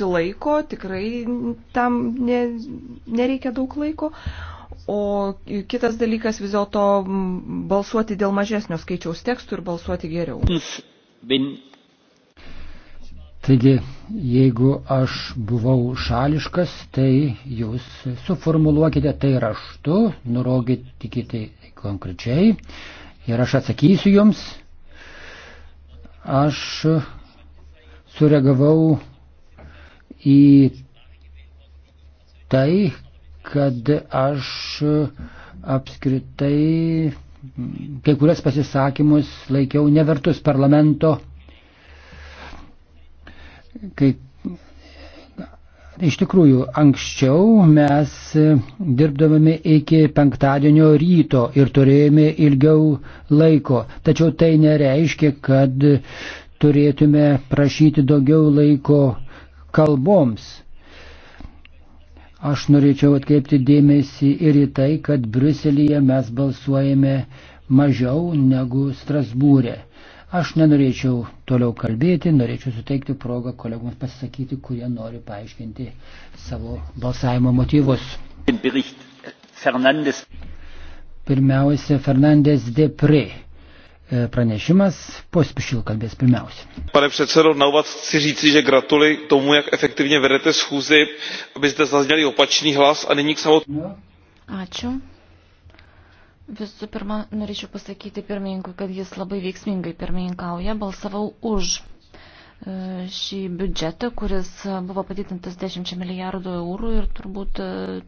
laiko, tikrai tam ne, nereikia daug laiko. O kitas dalykas vis dėlto balsuoti dėl mažesnio skaičiaus tekstų ir balsuoti geriau. Taigi, jeigu aš buvau šališkas, tai jūs suformuluokite tai raštu, nurodykite konkrečiai ir aš atsakysiu jums. Aš sureagavau į tai, kad aš apskritai kai kurias pasisakymus laikiau nevertus parlamento. Kai, iš tikrųjų, anksčiau mes dirbdavome iki penktadienio ryto ir turėjome ilgiau laiko, tačiau tai nereiškia, kad turėtume prašyti daugiau laiko kalboms. Aš norėčiau atkreipti dėmesį ir į tai, kad Bruselėje mes balsuojame mažiau negu Strasbūrė. Aš nenorėčiau toliau kalbėti, norėčiau suteikti progą kolegoms pasisakyti, kurie nori paaiškinti savo balsavimo motyvus. Pirmiausia, Fernandės Depre E, pranešimas, pospišil kalbės pirmiausia. Pane předsedo, na úvod chci říci, že gratuluji tomu, jak efektivně vedete schůzi, aby zde zazněli opačný hlas a nyní k samotnému. Ačiū. Visų pirma, norėčiau pasakyti pirmininkui, kad jis labai veiksmingai pirmininkauja. Balsavau už e, šį biudžetą, kuris buvo padidintas 10 milijardų eurų ir turbūt e,